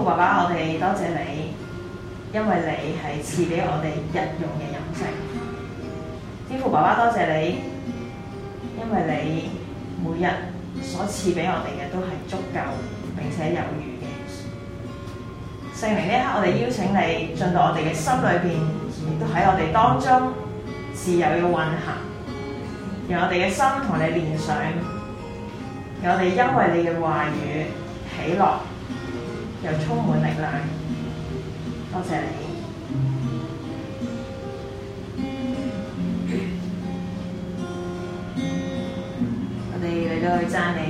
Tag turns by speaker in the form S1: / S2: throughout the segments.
S1: 天父爸爸，我哋多謝你，因為你係賜俾我哋日用嘅飲食。天父爸爸，多謝你，因為你每日所賜俾我哋嘅都係足夠並且有餘嘅。聖靈呢一刻，我哋邀請你進到我哋嘅心裏邊，亦都喺我哋當中自由嘅運行，用我哋嘅心同你聯上，用我哋因為你嘅話語喜樂。又充滿力量，多謝你。我哋嚟到真係～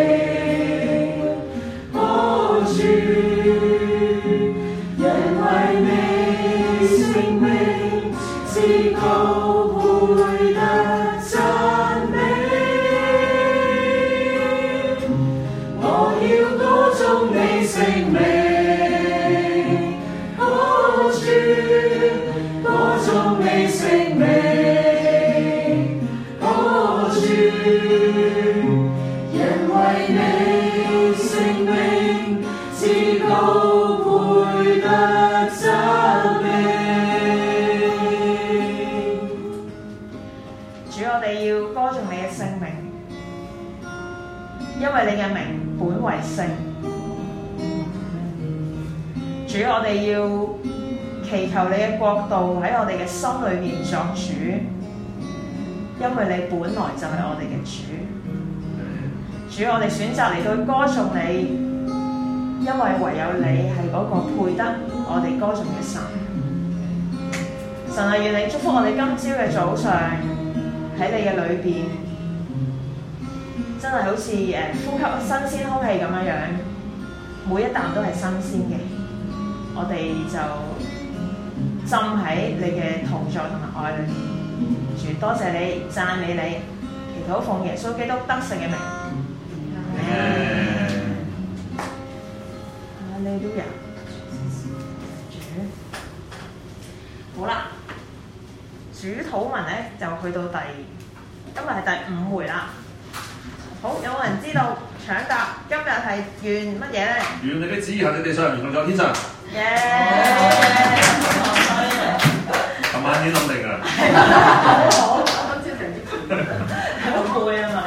S1: 你嘅國度喺我哋嘅心裏邊作主，因為你本來就係我哋嘅主，主我哋選擇嚟到歌頌你，因為唯有你係嗰個配得我哋歌頌嘅神。神啊，願你祝福我哋今朝嘅早上喺你嘅裏邊，真係好似誒呼吸新鮮空氣咁樣樣，每一啖都係新鮮嘅，我哋就～浸喺你嘅同在同埋愛裏面，主多謝你讚美你，祈禱奉耶穌基督得勝嘅名。耶！阿尼多雅，好啦，主禱文咧就去到第今日係第五回啦。好，有冇人知道搶答？今日係願乜嘢咧？願你嘅旨意行在地上，如同行在天上。耶！慢啲攞嚟啊！好，我今朝整啲，好攰啊嘛。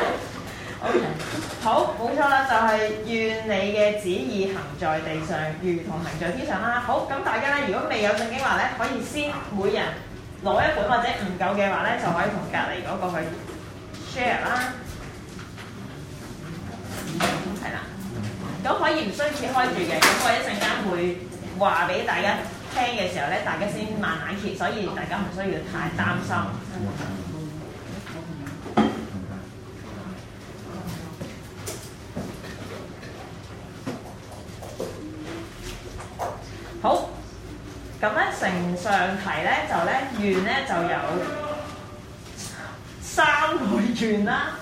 S1: 好，冇錯啦。就係願你嘅旨意行在地上，如同行在天上啦。好，咁大家咧，如果未有聖經話咧，可以先每人攞一本，或者唔夠嘅話咧，就可以同隔離嗰個去 share 啦。係啦，咁可以唔需要揭開住嘅。咁我一陣間會話俾大家。聽嘅時候咧，大家先慢慢揭，所以大家唔需要太擔心。好，咁咧成上題咧就咧願咧就有三個願啦，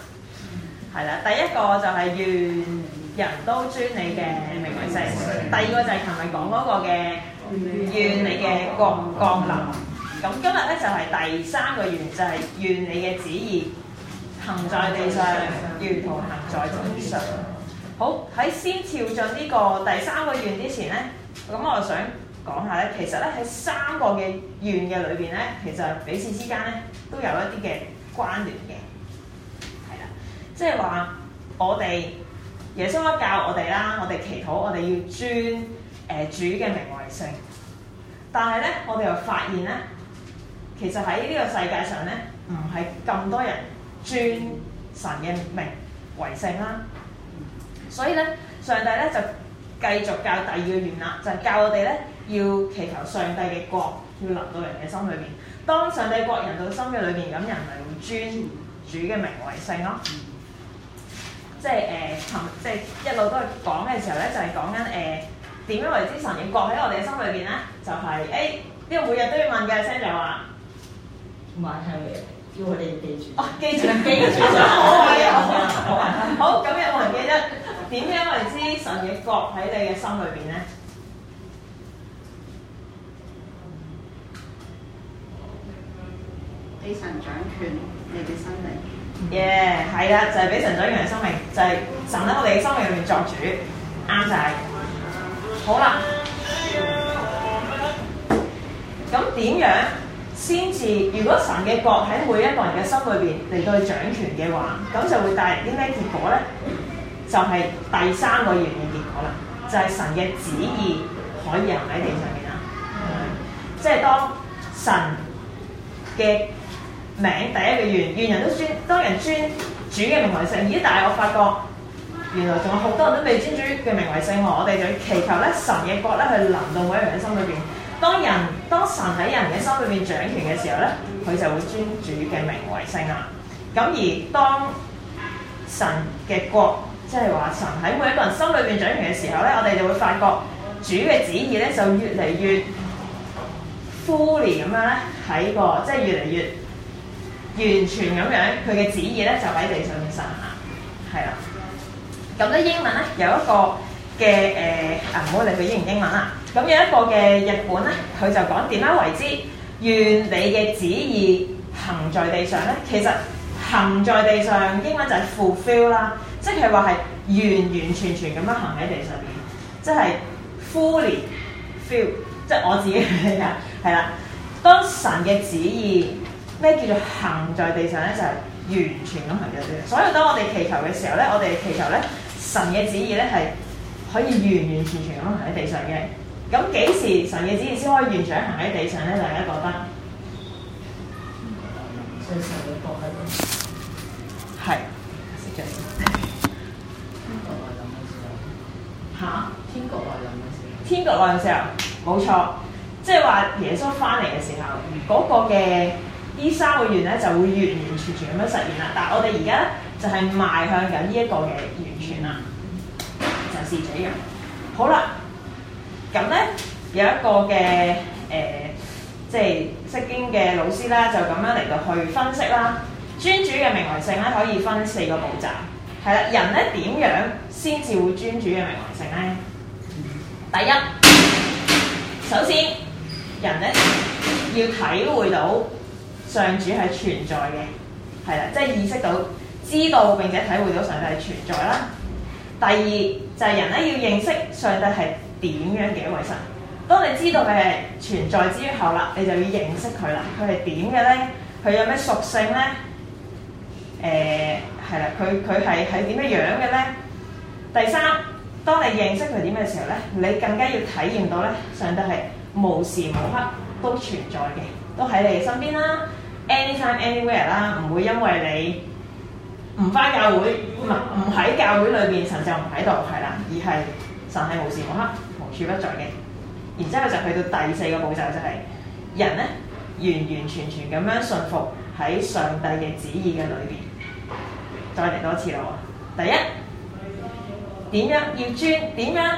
S1: 係啦，第一個就係願人都尊你嘅名為聖，第二個就係琴日講嗰個嘅。願你嘅國降臨。咁今日咧就係第三個願，就係、是、願你嘅旨意行在地上，如同行在天上。好，喺先跳進呢個第三個願之前咧，咁我就想講下咧，其實咧喺三個嘅願嘅裏邊咧，其實彼此之間咧都有一啲嘅關聯嘅，係啦，即係話我哋耶穌一教我哋啦，我哋祈禱，我哋要專。誒主嘅名為聖。但係咧，我哋又發現咧，其實喺呢個世界上咧，唔係咁多人尊神嘅名為聖啦。所以咧，上帝咧就繼續教第二個原則，就係、是、教我哋咧要祈求上帝嘅國要臨到人嘅心裏邊。當上帝國人到心嘅裏邊咁，人咪會尊主嘅名為聖咯。即係誒，尋、呃、即係一路都係講嘅時候咧，就係講緊誒。呃點樣為之神嘅國喺我哋嘅心裏邊咧？就係 A，呢個每日都要問嘅聲就話，唔係，叫我哋記住。記住，記住，我話嘅，我話嘅，好。咁有冇人記得？點樣為之神嘅國喺你嘅心裏邊咧？俾神掌權你嘅
S2: 生命。耶，係啦，就係俾神掌權嘅生命，就
S1: 係神喺我哋嘅生命裏面作主，啱晒。好啦，咁點樣先至？如果神嘅國喺每一個人嘅心裏邊嚟到掌權嘅話，咁就會帶嚟啲咩結果咧？就係、是、第三個願嘅結果啦，就係、是、神嘅旨意可以行喺地上面啦。即係當神嘅名第一個願，願人都尊，當人尊主嘅名為聖，而但係我發覺。原來仲有好多人都未尊主嘅名為聖，我哋就要祈求咧神嘅國咧去臨到每一個人嘅心裏邊。當人當神喺人嘅心裏邊掌權嘅時候咧，佢就會尊主嘅名為聖啦。咁而當神嘅國即係話神喺每一個人心裏邊掌權嘅時候咧，我哋就會發覺主嘅旨意咧就越嚟越 fully 咁樣咧喺個，即係越嚟越完全咁樣，佢嘅旨意咧就喺地上面散下，係啦。咁咧英文咧有一個嘅誒啊唔好理佢英唔英文啦。咁有一個嘅日本咧，佢就講點樣為之願你嘅旨意行在地上咧？其實行在地上英文就係 fulfill 啦，即係話係完完全全咁樣行喺地上面，即係 fully fill。即係我自己嘅理解係啦。當神嘅旨意咩叫做行在地上咧，就係完全咁行嘅啫。所以當我哋祈求嘅時候咧，我哋祈求咧。神嘅旨意咧係可以完完全全咁行喺地上嘅，咁幾時神嘅旨意先可以完全行喺地上咧？大家一個單。大家覺得，所以成日都喺度。係。識著。天國來臨嘅是時候。啊、天國來臨嘅時候。天國來臨嘅時候，冇錯，即係話耶穌翻嚟嘅時候，嗰、嗯、個嘅呢三個願咧就會完完全全咁樣實現啦。但係我哋而家。就係邁向緊呢一個嘅完全啦，就是這樣好。好啦，咁咧有一個嘅誒、呃，即係釋經嘅老師啦，就咁樣嚟到去分析啦。尊主嘅名為聖咧，可以分四個步驟，係啦。人咧點樣先至會尊主嘅名為聖咧？第一，首先人咧要體會到上主係存在嘅，係啦，即係意識到。知道並且體會到上帝存在啦。第二就係、是、人咧要認識上帝係點樣嘅一位神。當你知道佢係存在之後啦，你就要認識佢啦。佢係點嘅咧？佢有咩屬性咧？誒係啦，佢佢係係點嘅樣嘅咧？第三，當你認識佢點嘅時候咧，你更加要體驗到咧，上帝係無時無刻都存在嘅，都喺你身邊啦，anytime anywhere 啦，唔會因為你。唔翻教會，唔係唔喺教會裏邊，神就唔喺度，係啦，而係神係無時無刻無處不在嘅。然之後就去到第四個步驟，就係、是、人咧完完全全咁樣信服喺上帝嘅旨意嘅裏邊。再嚟多次咯，第一點樣要尊，點樣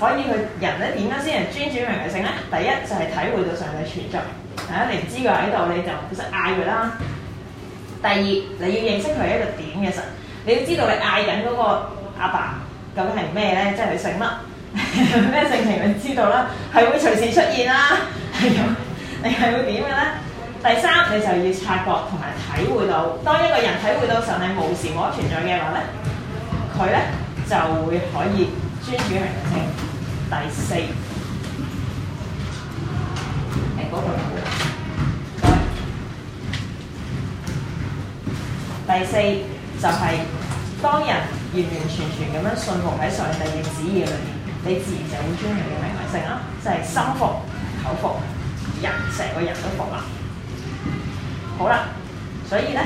S1: 可以去人咧？點樣先係尊主名為聖啊？第一就係、是、體會到上帝存、啊、在，嚇你唔知佢喺度，你就即嗌佢啦。第二，你要認識佢係一個點嘅神，你要知道你嗌緊嗰個阿爸，爸究竟係咩咧，即係佢姓乜，咩 性情，你要知道啦，係會隨時出現啦，係咁，你係會點嘅咧？第三，你就要察覺同埋體會到，當一個人體會到神係無時無刻存在嘅話咧，佢咧就會可以專注喺神。第四，係嗰第四就係，是，當人完完全全咁樣信服喺上帝嘅旨意裏面，你自然就會專一嘅明慧性啦，即係心服口服，人成個人都服啦。好啦，所以呢，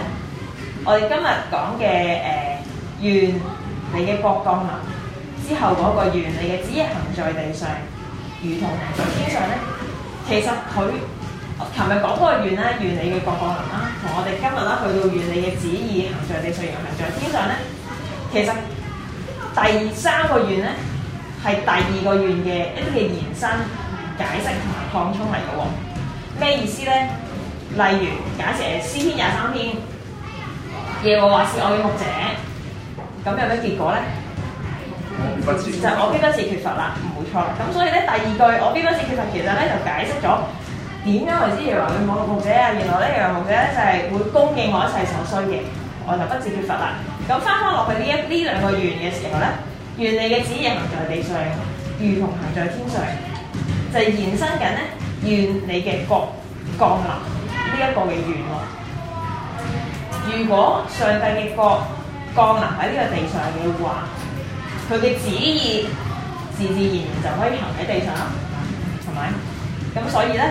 S1: 我哋今日講嘅誒願你嘅國降臨之後嗰個願，你嘅旨意行在地上，如同行在天上呢，其實佢。琴日講嗰個願咧，願你嘅國降臨啦，同我哋今日啦去到願你嘅旨意行在地上，如同行在天上咧，其實第三個願咧係第二個願嘅一啲嘅延伸、解釋同埋擴充嚟嘅喎。咩意思咧？例如，假設誒詩篇廿三篇，耶和華是我嘅牧者，咁有咩結果咧？我必不致，其實我必不致缺乏啦，唔會錯。咁所以咧，第二句我必不致缺乏，其實咧就解釋咗。點樣為之？原來佢冇牧者啊！原來呢樣牧者咧就係會供應我一切所需嘅，我就不至缺乏啦。咁翻返落去呢一呢兩個願嘅時候咧，願你嘅旨意行在地上，如同行在天上，就延伸緊咧願你嘅國降臨呢一個嘅願喎。如果上帝嘅國降臨喺呢個地上嘅話，佢嘅旨意自自然然就可以行喺地上啦，係咪？咁所以咧。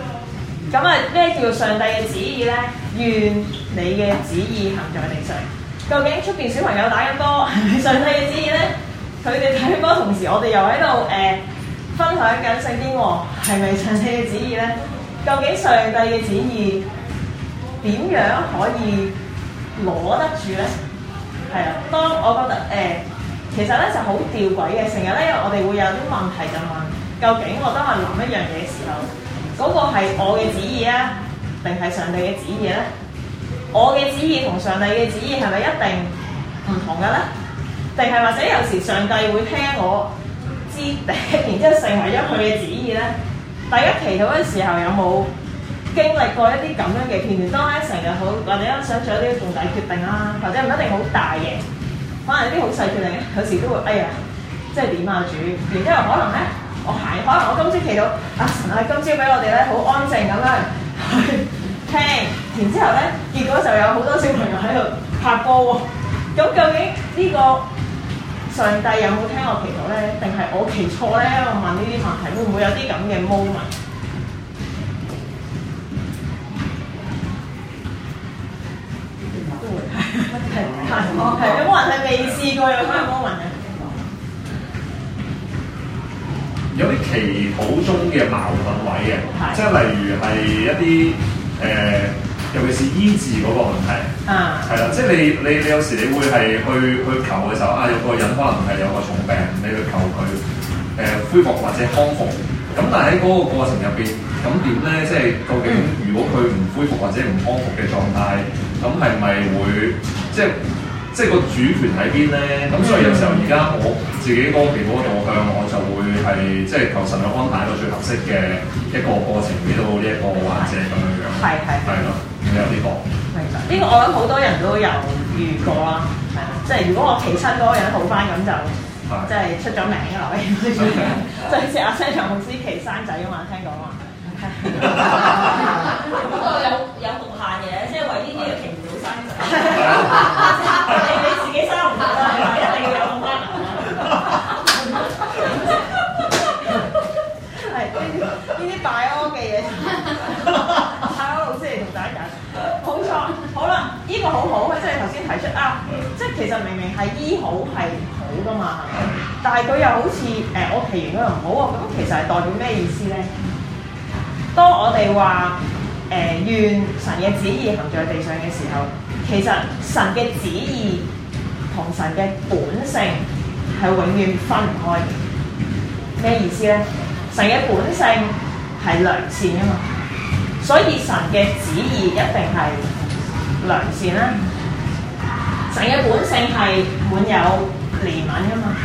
S1: 咁啊，咩叫上帝嘅旨意咧？願你嘅旨意行在地上。究竟出邊小朋友打緊波係咪 上帝嘅旨意咧？佢哋睇波同時，我哋又喺度誒分享緊聖經喎，係咪上帝嘅旨意咧？究竟上帝嘅旨意點樣可以攞得住咧？係啊，當我覺得誒、呃，其實咧就好吊詭嘅，成日咧我哋會有啲問題就問：究竟我當我諗一樣嘢嘅時候？嗰個係我嘅旨意啊，定係上帝嘅旨意咧？我嘅旨意同上帝嘅旨意係咪一定唔同噶咧？定係或者有時上帝會聽我哋，然之後成為咗佢嘅旨意咧？大家祈禱嗰陣時候有冇經歷過一啲咁樣嘅片段？當我成日好或者想做一啲重大決定啦，或者唔一定好大嘅，可能有啲好細決定，有時都會，哎呀，即係點啊主？然之後可能咧？我係，可能我今朝祈禱啊！阿神，今朝俾我哋咧好安靜咁樣去聽，然之後咧，結果就有好多小朋友喺度拍波喎。咁究竟呢個上帝有冇聽我祈禱咧？定係我祈錯咧？我問呢啲問題，會唔會有啲咁嘅 moment？都
S2: 會係，乜都係。係，有冇人係未試過有咁嘅 moment 嘅？
S3: 有啲祈禱中嘅矛盾位嘅，
S1: 即係的例如係一啲誒、呃，尤其是醫治嗰個問題，係啊，即係你你你有時你會係去去求嘅時候啊，有個人可能係有個重病，你去求佢誒、呃、恢復或者康復，咁但係喺嗰個過程入邊，咁點咧？即係究竟如果佢唔恢復或者唔康復嘅狀態，咁係咪會即係？即係個主權喺邊咧？咁所以有時候而家我自己嗰個病嗰個方向，我就會係即係求神問安排到最合適嘅一個過程俾到呢一個患者咁樣樣。係係。係咯，有呢噃。呢個、明白。呢個我諗好多人都有遇過啦，係啦。即係如果我祈親嗰個人好返，咁就即係出咗名啦，喂！最似阿聲又唔知祈生仔啊嘛？聽講話。其實明明係醫好係好噶嘛，係咪？但係佢又好似誒、呃，我祈完佢又唔好喎。咁、哦、其實係代表咩意思咧？當我哋話誒願神嘅旨意行在地上嘅時候，其實神嘅旨意同神嘅本性係永遠分唔開嘅。咩意思咧？神嘅本性係良善啊嘛，所以神嘅旨意一定係良善啦、啊。神嘅本性係滿有憐憫噶嘛，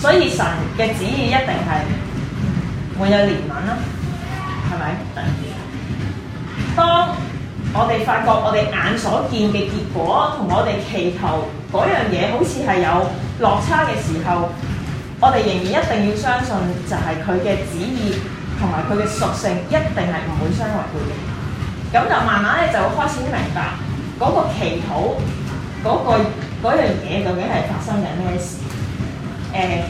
S1: 所以神嘅旨意一定係滿有憐憫囉，係咪、嗯？當我哋發覺我哋眼所見嘅結果同我哋祈求嗰樣嘢好似係有落差嘅時候，我哋仍然一定要相信就係佢嘅旨意同埋佢嘅屬性一定係唔會傷害佢嘅。咁就慢慢咧就會開始明白嗰、那個祈禱。嗰個嗰樣嘢究竟係發生緊咩事？誒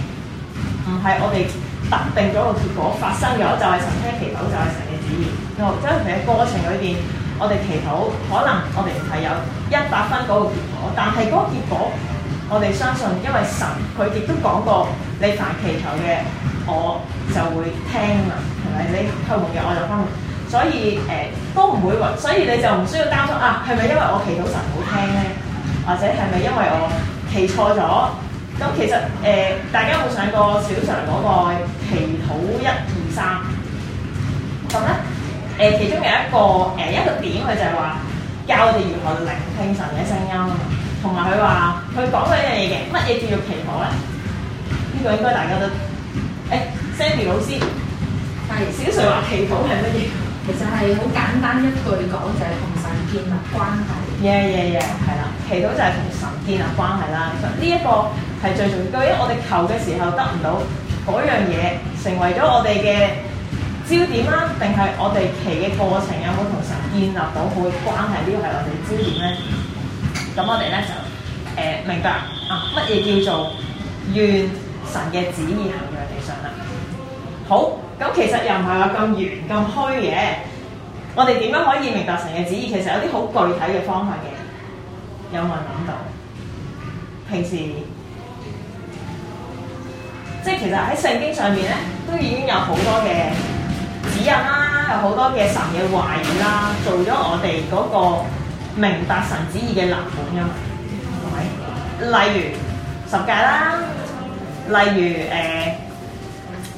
S1: 唔係我哋特定咗個結果發生咗，就係神聽祈禱，就係神嘅旨意。哦，即係佢喺過程裏邊，我哋祈禱，可能我哋唔係有一百分嗰個結果，但係嗰個結果，我哋相信，因為神佢亦都講過，你凡祈求嘅，我就會聽啊，係咪？你求夢嘅，我就幫你。所以誒、呃，都唔會話，所以你就唔需要擔心啊，係咪因為我祈禱神好聽咧？或者係咪因為我祈錯咗？咁其實誒，大家有冇上過小常嗰個祈禱一二三？咁咧誒，其中有一個誒一個點，佢就係話教我哋如何聆聽神嘅聲音，同埋佢話佢講過一樣嘢嘅，乜嘢叫做祈禱咧？呢個應該大家都誒 Sandy 老師，但係小常話祈禱係乜嘢？其實係好簡單一句講，就係同神建立關係。yeah yeah yeah，係啦。祈禱就係同神建立關係啦，其實呢一個係最重要，因為我哋求嘅時候得唔到嗰樣嘢，成為咗我哋嘅焦點啦，定係我哋祈嘅過程有冇同神建立到好嘅關係？呢個係我哋焦點咧。咁我哋咧就誒、呃、明白啊乜嘢叫做願神嘅旨意行在地上啦。好，咁其實又唔係話咁遠咁虛嘅，我哋點樣可以明白神嘅旨意？其實有啲好具體嘅方法嘅。有冇人諗到？平時即係其實喺聖經上面咧，都已經有好多嘅指引啦，有好多嘅神嘅話語啦，做咗我哋嗰個明白神旨意嘅藍本噶嘛，係咪？例如十戒啦，例如誒、呃、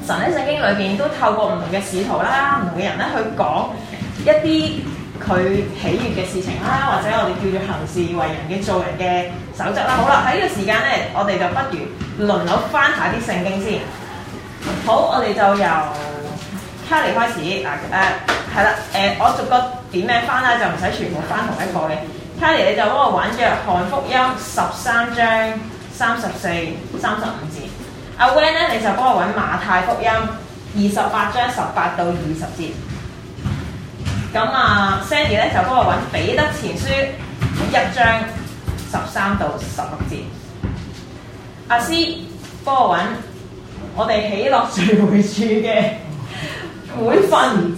S3: 神喺聖經裏
S1: 邊都透過唔同嘅使徒啦、唔同嘅人咧去講一啲。佢喜悅嘅事情啦，或者我哋叫做行事為人嘅做人嘅守則啦。好啦，喺呢個時間咧，我哋就不如輪流翻下啲聖經先。好，我哋就由 Kelly 開始啊。誒、啊，係啦。誒、啊，我逐個點名翻啦，就唔使全部翻同一個嘅。Kelly，你就幫我揾約翰福音十三章三十四、三十五節。阿 Wayne 咧，你就幫我揾馬太福音二十八章十八到二十節。咁啊，Sandy 咧就幫我揾《彼得前書》一章十三到十六節。阿、啊、師幫我揾我哋喜樂聚會處嘅會份，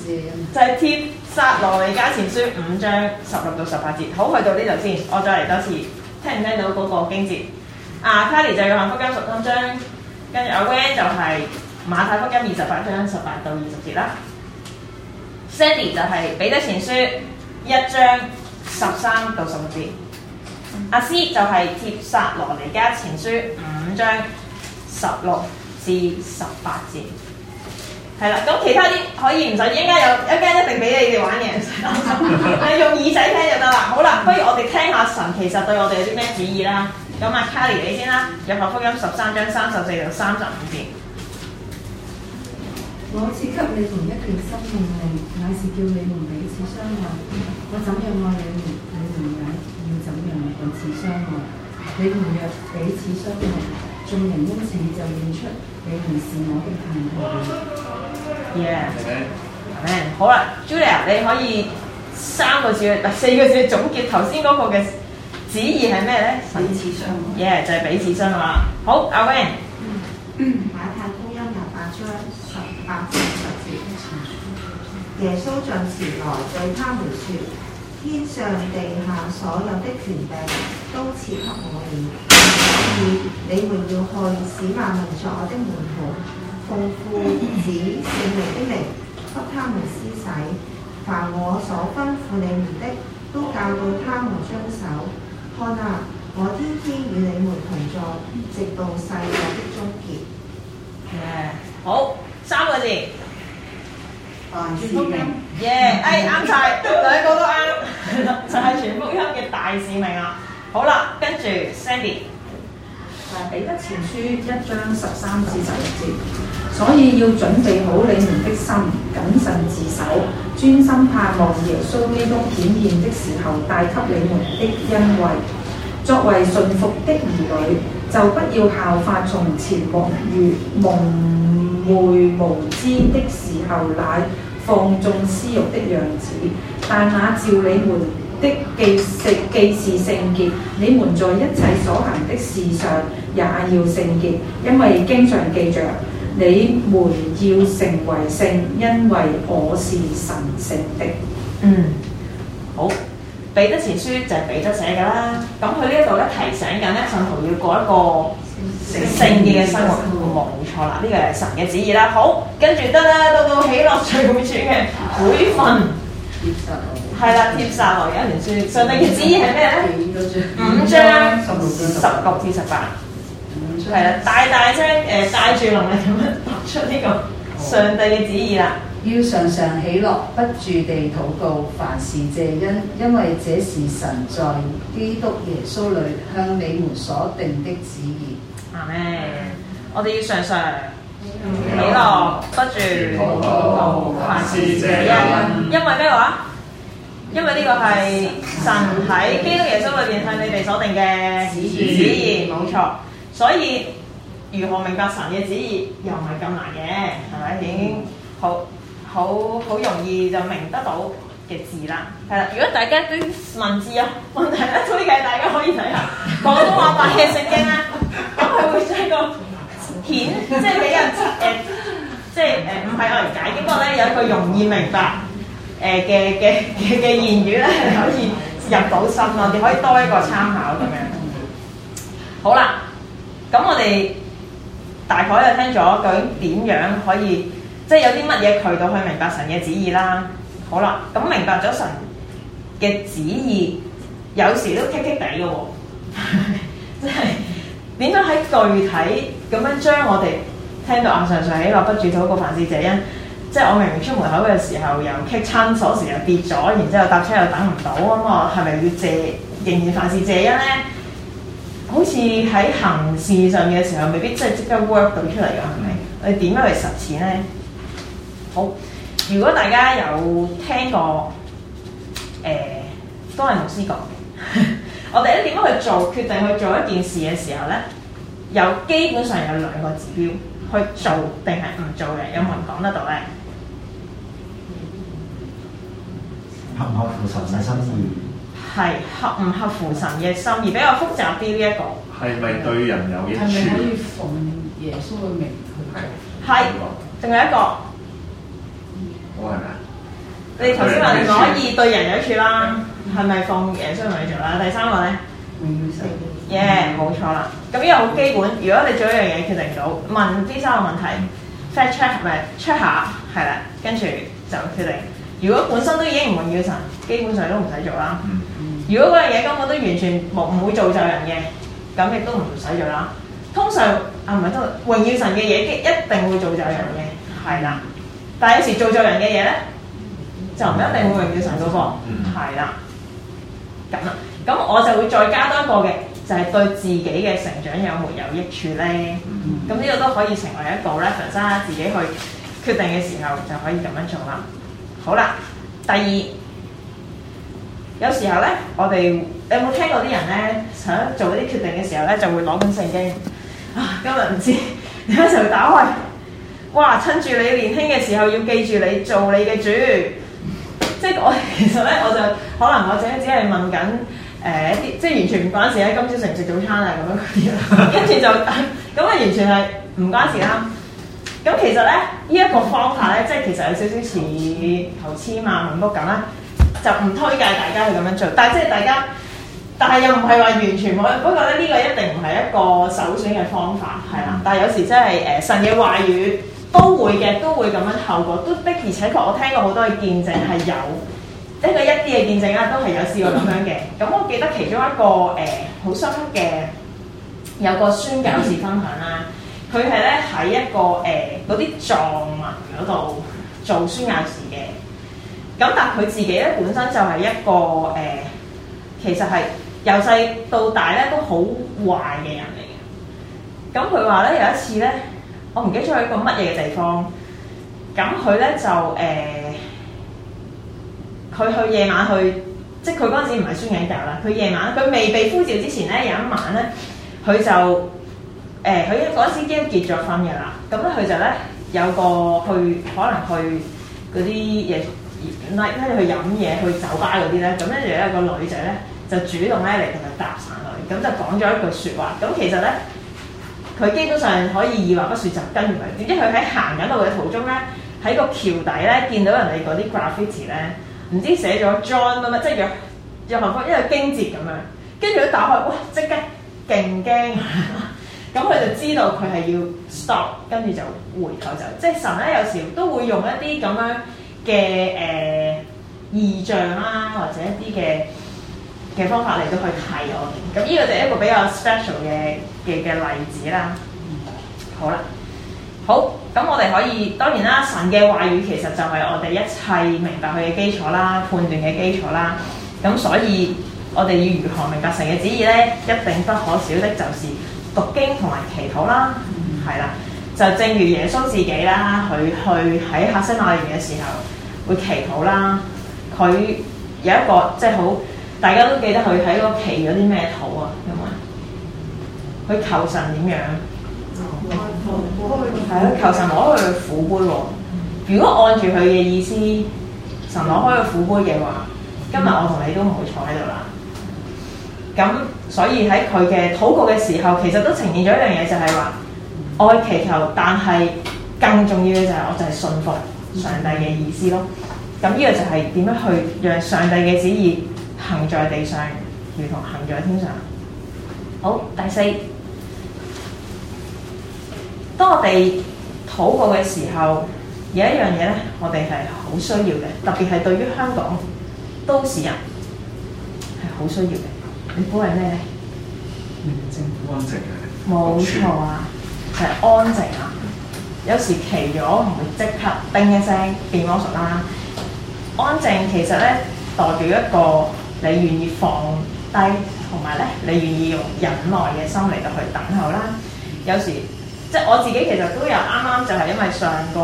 S1: 就係《帖撒羅尼加前書》五章十六到十八節。好，去到呢度先，我再嚟多次，聽唔聽到嗰個經節？啊 Carrie 就要《馬可福音》十三章，跟住阿 Van 就係《馬太福音》二十八章十八到二十節啦。Sandy 就係彼得前書一章十三到十五節，阿、啊、詩就係帖撒羅尼加前書五章十六至十八節，係啦。咁其他啲可以唔使，應該有一間一定俾你哋玩嘅，唔使擔心。你 用耳仔聽就得啦。好啦，不如我哋聽下神其實對我哋有啲咩旨意啦。咁阿 Carrie 你先啦，《約翰福音》十三章三十四到三十五節。
S2: 我賜給你同一條新命令，乃是叫你們彼此相愛。我怎樣愛你們，你們也要怎樣彼此相愛。你們若
S1: 彼此相愛，眾人因此就認出你們是我的門徒了。Yeah 好啦，Julia，你可以三個字，唔係四個字，總結頭先嗰個嘅旨意係咩咧？彼此相愛。耶，yeah, 就係彼此相愛。好，阿 Ben Yeah. Amen.。嗯， 馬太公音又發出。 十十耶穌進前來對他們説：天上地下所有的權
S3: 柄都賜給我了，所以你們要去，使萬民作我
S1: 的門徒，奉父子聖靈的名給他們施洗。凡我所吩咐你們的，都教導他們遵守。看啊，我天天與你們同在，直到世界的終結。Yeah. 好。三個字，全福音，耶！哎啱晒，兩個都啱，就係全福音嘅大使命啊！好啦，跟住 Sandy，誒彼得前書一章十三至十六節，所以要準備好你們的心，謹慎自守，專心盼望耶穌基督顯現的時候帶給你們的恩惠。作為信服的兒女，就不要效法從前蒙如夢。昧無知的時候，乃放縱私欲的樣子。但那照你們的既是既是，聖潔，你們在一切所行的事上也要聖潔，因為經常記着，你們要成為聖，因為我是神聖的。嗯，好，彼得前書就係彼得寫噶啦。咁佢呢一度咧提醒緊咧，信徒要過一個。聖潔嘅生活，冇錯啦，呢個係神嘅旨意啦。好，跟住得啦，到到喜樂最尾處嘅悔恨，係啦、啊，帖撒羅尼迦前書，啊啊、上帝嘅旨意係咩咧？五章十六至十八，係啦，大大聲誒、呃，帶住能力咁樣發出呢個上帝嘅旨意啦。要常常喜樂，不住地禱告，凡事謝恩，因為這是神在基督耶穌裏向你們所定的旨意。咩！啊嗯嗯、我哋要常常喜樂不住，凡事謝恩，這個，因為咩話？因為呢個係神喺基督耶穌裏邊向你哋所定嘅旨意，冇錯，所以如何明白神嘅旨意，又唔係咁難嘅，係、啊、咪已經好好好容易就明得到？嘅字啦，係啦。如果大家啲文字有問題咧，推介大家可以睇下廣東話版嘅聖經咧，咁佢會將一個顯即係俾人誒，即係誒唔係我嚟解，不過咧有一個容易明白誒嘅嘅嘅言語咧，可以入到心咯。你可以多一個參考咁樣。好啦，咁我哋大概就聽咗究竟點樣可以，即係有啲乜嘢渠道去明白神嘅旨意啦。好啦，咁、嗯、明白咗神嘅旨意，有時都棘棘地咯喎，即係點解喺具體咁樣將我哋聽到阿常常喜樂，不住禱告，凡事謝恩，即係我明明出門口嘅時候時又棘親鎖匙又跌咗，然之後搭車又等唔到，咁我係咪要謝仍然凡事謝恩咧？好似喺行事上嘅時候，未必真即係即刻 work 到出嚟嘅，係咪？我哋點樣去實踐咧？好。如果大家有聽過，誒、呃、都係牧師講嘅， 我哋咧點樣去做？決定去做一件事嘅時候咧，有基本上有兩個指標去做定係唔做嘅，有冇人講得到咧？合唔合乎神嘅心意？係合唔合乎神嘅心意？比較複雜啲呢一個係咪對人有益處？係咪可以奉耶穌嘅名去計？係，仲有一個。係咪你頭先話你可以對人有處啦，係咪 放耶穌名義做啦？第三個咧？榮耀神。耶，冇錯啦。咁因為好基本，如果你做一樣嘢決定到，問呢三個問題，fact check 唔係 check 下，係啦，跟住就決定。如果本身都已經唔榮耀神，基本上都唔使做啦。 如果嗰樣嘢根本都完全冇唔會造就人嘅，咁亦都唔使做啦。通常啊，唔係通常榮耀神嘅嘢，一定會造就人嘅，係啦。但有時做錯人嘅嘢咧，就唔一定會用得上、那、嗰、個，係啦、嗯，咁啦，咁我就會再加多一個嘅，就係、是、對自己嘅成長有沒有益處咧？咁呢、嗯、個都可以成為一個咧，長生自己去決定嘅時候就可以咁樣做啦。好啦，第二，有時候咧，我哋你有冇聽過啲人咧想做嗰啲決定嘅時候咧，就會攞本聖經，啊，今日唔知，點解就會打開。哇！趁住你年輕嘅時候，要記住你做你嘅主，即係我其實咧，我就可能我只係只係問緊誒、呃，即係完全唔關事喺今朝食唔食早餐啊咁樣嗰啲跟住就咁啊，完全係唔關事啦、啊。咁其實咧，呢、這、一個方法咧，即係其實有少少似投資嘛，問卜咁啦，就唔推介大家去咁樣做。但係即係大家，但係又唔係話完全冇，不過咧呢、這個一定唔係一個首選嘅方法係啦。但係有時真係誒神嘅話語。都會嘅，都會咁樣透過，都的而且確我聽過好多嘅見證係有一個一啲嘅見證啊，都係有試過咁樣嘅。咁、嗯、我記得其中一個誒好深刻嘅有個宣教士分享啦，佢係咧喺一個誒嗰啲藏民嗰度做宣教士嘅。咁但係佢自己咧本身就係一個誒、呃，其實係由細到大咧都好壞嘅人嚟嘅。咁佢話咧有一次咧。我唔記得咗係一個乜嘢嘅地方，咁佢咧就誒，佢、呃、去夜晚去，即係佢嗰陣時唔係雙眼狗啦。佢夜晚，佢未被呼召之前咧，有一晚咧，佢就誒，佢嗰陣時已經結咗婚嘅啦。咁咧，佢就咧有個去，可能去嗰啲嘢，跟住去飲嘢，去酒吧嗰啲咧。咁跟住咧，有個女仔咧就主動咧嚟同佢搭訕。佢咁就講咗一句説話。咁其實咧。佢基本上可以二話不説就跟住佢，點知佢喺行緊路嘅途中咧，喺個橋底咧見到人哋嗰啲 graffiti 咧，唔知寫咗 John 乜嘛，即係約約翰福音經節咁樣，跟住佢打開，哇！即刻勁驚，咁佢、 嗯、就知道佢係要 stop，跟住就回頭就即係神咧、啊，有時都會用一啲咁樣嘅誒異象啦、啊，或者一啲嘅嘅方法嚟到去提我嘅，咁呢個就係一個比較 special 嘅嘅嘅例子啦。好啦，好咁，我哋可以當然啦，神嘅話語其實就係我哋一切明白佢嘅基礎啦，判斷嘅基礎啦。咁所以我哋要如何明白神嘅旨意咧？一定不可少的，就是讀經同埋祈禱啦。係、嗯、啦，就正如耶穌自己啦，佢去喺客西馬尼嘅時候會祈禱啦，佢有一個即係好。就是大家都記得佢喺個祈咗啲咩禱啊？有冇？佢求神點樣？係啊、嗯，求神攞佢嘅苦杯喎。如果按住佢嘅意思，神攞開佢苦杯嘅話，今日我同你都唔會坐喺度啦。咁所以喺佢嘅禱告嘅時候，其實都呈現咗一樣嘢，就係話我祈求，但係更重要嘅就係我就係信服上帝嘅意思咯。咁呢個就係點樣去讓上帝嘅旨意行在地上，如同行在天上。好，第四，當我哋禱告嘅時候，有一樣嘢咧，我哋係好需要嘅，特別係對於香港都市人係好需要嘅。你估係咩咧？寧靜、安靜嘅。冇錯啊，係安靜啊。有時奇咗唔會即刻叮一聲變魔術啦、啊。安靜其實咧代表一個。你願意放低，同埋咧，你願意用忍耐嘅心嚟到去等候啦。有時即係我自己其實都有，啱啱就係因為上個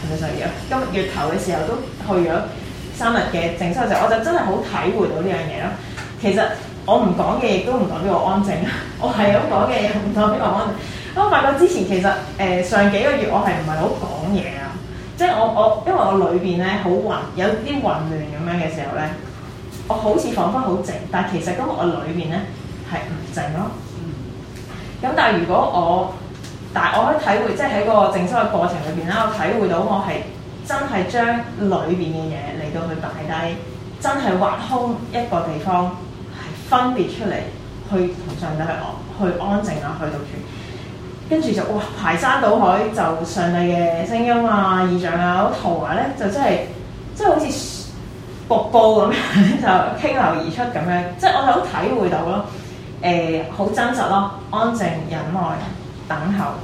S1: 係咪上月？今日月頭嘅時候都去咗三日嘅靜修時，就我就真係好體會到呢樣嘢咯。其實我唔講嘅亦都唔講俾我安靜啊， 我係咁講嘅，唔講俾我安靜。我發覺之前其實誒、呃、上幾個月我係唔係好講嘢啊？即係我我因為我裏邊咧好混，有啲混亂咁樣嘅時候咧。我好似彷彿好靜，但係其實都我裏面咧係唔靜咯。咁、嗯、但係如果我，但係我喺體會，即係喺個靜修嘅過程裏邊咧，我體會到我係真係將裏邊嘅嘢嚟到去擺低，真係挖空一個地方，係分別出嚟去同上帝去去安靜啊，去到處，跟住就哇排山倒海就上帝嘅聲音啊、異象啊、圖畫、啊、咧，就真係真係好似～瀑布咁樣 就傾流而出咁樣，即、就、係、是、我係好體會到咯，誒、呃，好真實咯，安靜、忍耐、等候。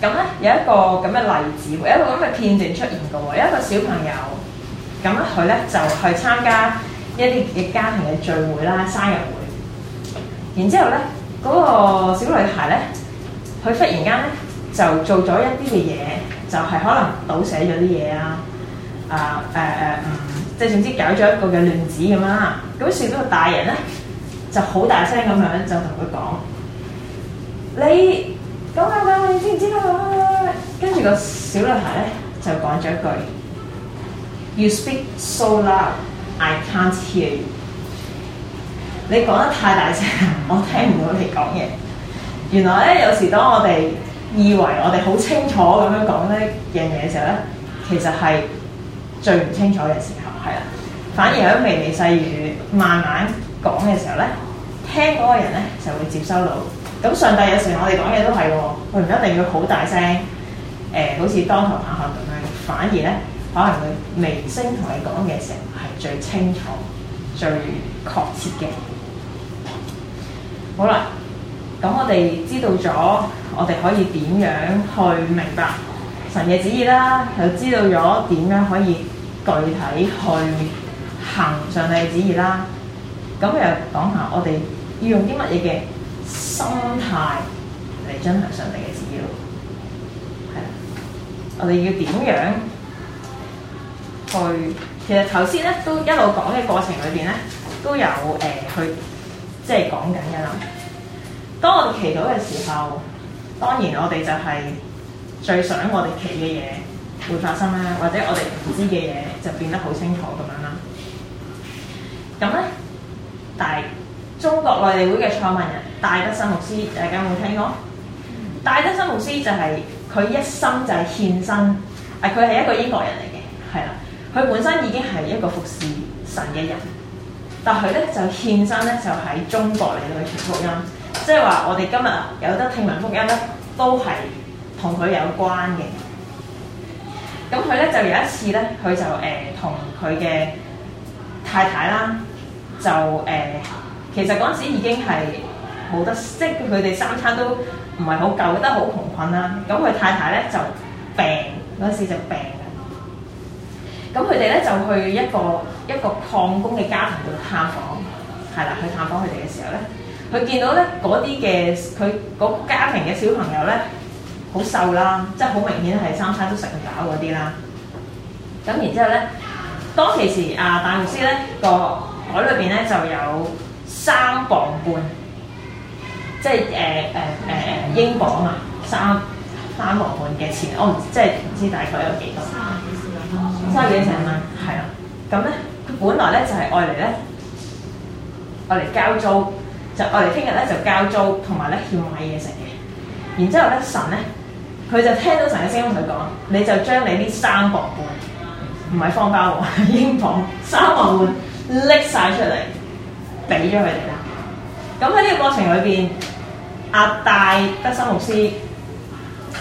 S1: 咁咧有一個咁嘅例子，有一個咁嘅片段出現過，有一個小朋友，咁咧佢咧就去參加一啲嘅家庭嘅聚會啦、生日會。然之後咧，嗰、那個小女孩咧，佢忽然間咧就做咗一啲嘅嘢，就係、是、可能倒寫咗啲嘢啦。啊誒誒嗯，即係、uh, uh, um, 總之搞咗一個嘅亂子咁啦。咁於到呢個大人咧就好大聲咁樣就同佢講： 你講下講下，你知唔知道？跟住 個小女孩咧就講咗一句 ：You speak so loud, I can't hear。you’。 你講得太大聲，我聽唔到你講嘢。原來咧有時當我哋以為我哋好清楚咁樣講呢樣嘢嘅時候咧，其實係～最唔清楚嘅時候，係啦，反而喺微微細語、慢慢講嘅時候咧，聽嗰個人咧就會接收到。咁上帝有時我哋講嘢都係喎，佢唔一定要好大聲，誒、呃，好似當頭棒喝咁樣。反而咧，可能佢微聲同你講嘢嘅時候係最清楚、最確切嘅。好啦，咁我哋知道咗，我哋可以點樣去明白？神嘅旨意啦，又知道咗點樣可以具體去行上帝嘅旨意啦。咁 又講下我哋要用啲乜嘢嘅心態嚟進行上帝嘅旨意咯，係啦。我哋要點樣去？其實頭先咧都一路講嘅過程裏邊咧，都有誒、呃、去即係講緊嘅啦。當我哋祈禱嘅時候，當然我哋就係、是。最想我哋企嘅嘢會發生啦，或者我哋唔知嘅嘢就變得好清楚咁樣啦。咁咧，大中國內地會嘅創辦人戴德生牧師，大家有冇聽過？戴德生牧師就係、是、佢一生就係獻身，啊佢係一個英國人嚟嘅，係啦，佢本身已經係一個服侍神嘅人，但佢咧就獻身咧就喺中國嚟到去傳福音，即係話我哋今日有得聽聞福音咧，都係。同佢有關嘅，咁佢咧就有一次咧，佢就誒同佢嘅太太啦，就誒其實嗰陣時已經係冇得識，佢哋三餐都唔係好夠，都好窮困啦。咁佢太太咧就病，嗰陣時就病嘅，咁佢哋咧就去一個一個礦工嘅家庭度探訪，係啦，去探訪佢哋嘅時候咧，佢見到咧嗰啲嘅佢嗰個家庭嘅小朋友咧。好瘦啦，即係好明顯係三餐都食唔飽嗰啲啦。咁然之後咧，當其時啊大牧師咧個袋裏邊咧就有三磅半，即係誒誒誒英鎊啊，嘛三三磅半嘅錢，我唔即係唔知大概有多幾多，嗯。三幾錢蚊？三幾錢蚊？係啊，咁咧佢本來咧就係愛嚟咧愛嚟交租，就愛嚟聽日咧就交租，同埋咧要買嘢食嘅。然之後咧神咧。佢就聽到神嘅聲音同佢講，你就將你呢三磅半，唔係方包喎，英磅三磅半，拎晒出嚟，俾咗佢哋啦。咁喺呢個過程裏邊，亞、啊、大德森牧師，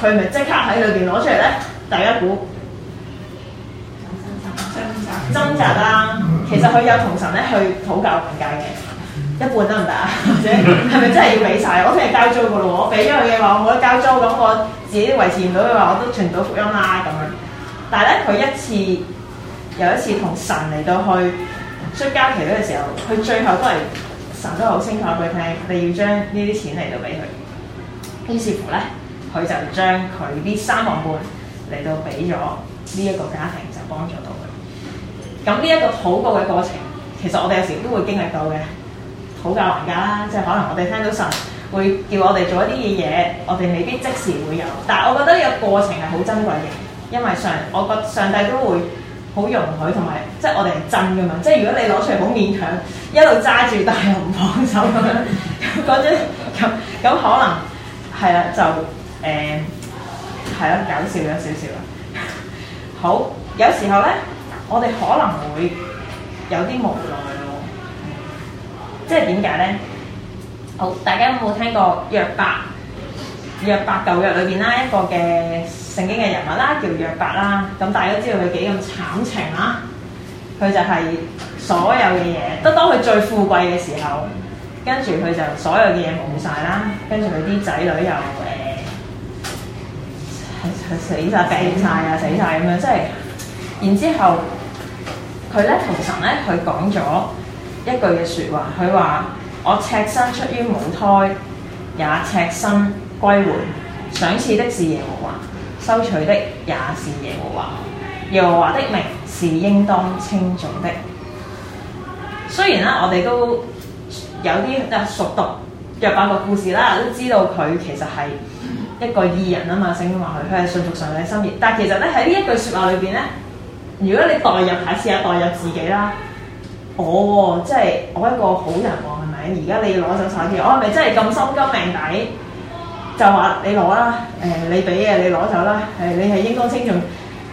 S1: 佢咪即刻喺裏邊攞出嚟咧第一股掙扎啦。其實佢有同神咧去討教問教嘅。一半得唔得啊？或者係咪真係要俾晒？ 我聽日交租嘅咯，我俾咗佢嘅話，我冇得交租，咁我自己維持唔到嘅話，我都存唔到福音啦咁樣。但係咧，佢一次有一次同神嚟到去，所以加期嗰個時候，佢最後都係神都好清楚講俾佢聽，你要將呢啲錢嚟到俾佢。於是乎咧，佢就將佢啲三萬半嚟到俾咗呢一個家庭，就幫助到佢。咁呢一個禱告嘅過程，其實我哋有時都會經歷到嘅。好價還價啦，即係可能我哋聽到神會叫我哋做一啲嘅嘢，我哋未必即時會有，但係我覺得呢個過程係好珍貴嘅，因為上我覺上帝都會好容許同埋，即係我哋真嘅嘛，即係如果你攞出嚟好勉強，一路揸住但係又唔放手咁樣，講咗咁可能係啦，就誒係啦，搞笑咗少少啦。好，有時候咧，我哋可能會有啲無奈。即係點解咧？好，大家有冇聽過約伯？約伯舊約裏邊啦，一個嘅聖經嘅人物啦、啊，叫約伯啦、啊。咁大家都知道佢幾咁慘情啦、啊。佢就係所有嘅嘢，得當佢最富貴嘅時候，跟住佢就所有嘅嘢冇晒啦。跟住佢啲仔女又誒、呃、死晒，病晒啊、死晒。咁樣，即、就、係、是。然之後，佢咧同神咧，佢講咗一句嘅説話，佢話：我赤身出於母胎，也赤身歸還。賞賜的是耶和華，收取的也是耶和華。耶和華的名是應當稱頌的。雖然咧，我哋都有啲啊熟讀約伯嘅故事啦，都知道佢其實係一個義人啊嘛，聖經話佢，佢係信服上帝心意。但其實咧，喺呢一句説話裏邊咧，如果你代入，試下代入自己啦。我、oh，即係我一個好人喎，係咪？而家你要攞走手機，我係咪真係咁心甘命抵？就話你攞啦，誒、呃，你俾嘅你攞走啦，誒、呃，你係應該稱頌。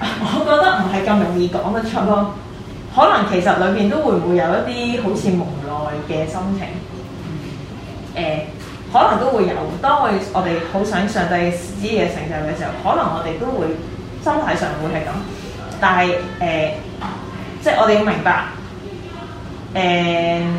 S1: 我覺得唔係咁容易講得出咯，可能其實裏面都會唔會有一啲好似無奈嘅心情，誒、呃，可能都會有。當我我哋好想上帝嘅旨意成就嘅時候，可能我哋都會心態上會係咁，但係誒、呃，即係我哋要明白。誒、嗯，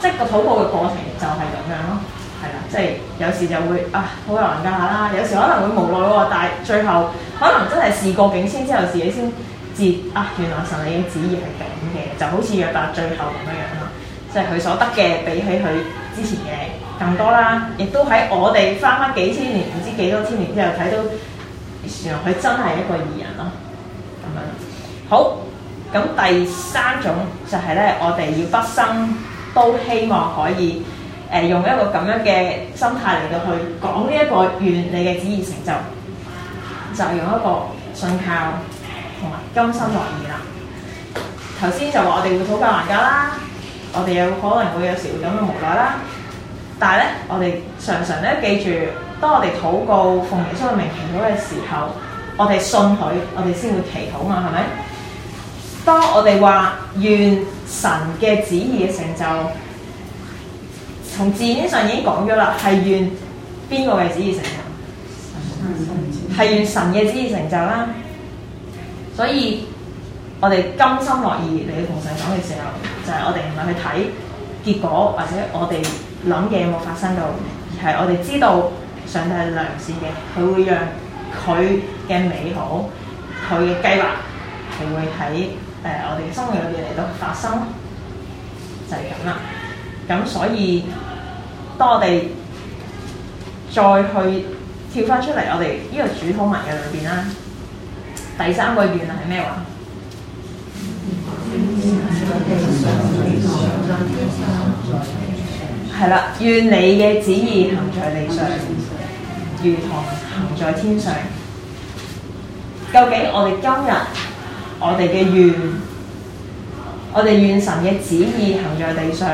S1: 即係個禱告嘅過程就係咁樣咯，係啦，即係有時就會啊好難㗎下啦，有時可能會無奈喎，但係最後可能真係事過境遷之後，自己先知啊，原來神嘅旨意係咁嘅，就好似約伯最後咁樣咯，即係佢所得嘅比起佢之前嘅更多啦，亦都喺我哋翻翻幾千年，唔知幾多千年之後睇到，原來佢真係一個義人咯，咁樣好。咁第三種就係、是、咧，我哋要畢生都希望可以誒、呃、用一個咁樣嘅心態嚟到去講呢一個願你嘅旨意成就，就是、用一個信靠同埋甘心樂意啦。頭先就話我哋會討價還價啦，我哋有可能會有時會感到無奈啦，但係咧，我哋常常咧，記住，當我哋禱告奉耶穌嘅名祈禱嘅時候，我哋信佢，我哋先會祈禱嘛，係咪？當我哋話願神嘅旨意嘅成就，從字面上已經講咗啦，係願邊個嘅旨意成就？係願、嗯、神嘅旨意成就啦、嗯。所以，我哋甘心樂意嚟同神講嘅時候，就係、是、我哋唔係去睇結果，或者我哋諗嘢有冇發生到，而係我哋知道上帝係良善嘅，佢會讓佢嘅美好，佢嘅計劃係會喺。誒、呃，我哋嘅生命裏邊嚟到發生就係咁啦。咁所以當我哋再去跳翻出嚟，我哋呢個主禱文嘅裏邊啦，第三個段係咩話？係啦，願你嘅旨意行在地上，如同行在天上。究竟我哋今日？我哋嘅願，我哋願神嘅旨意行在地上。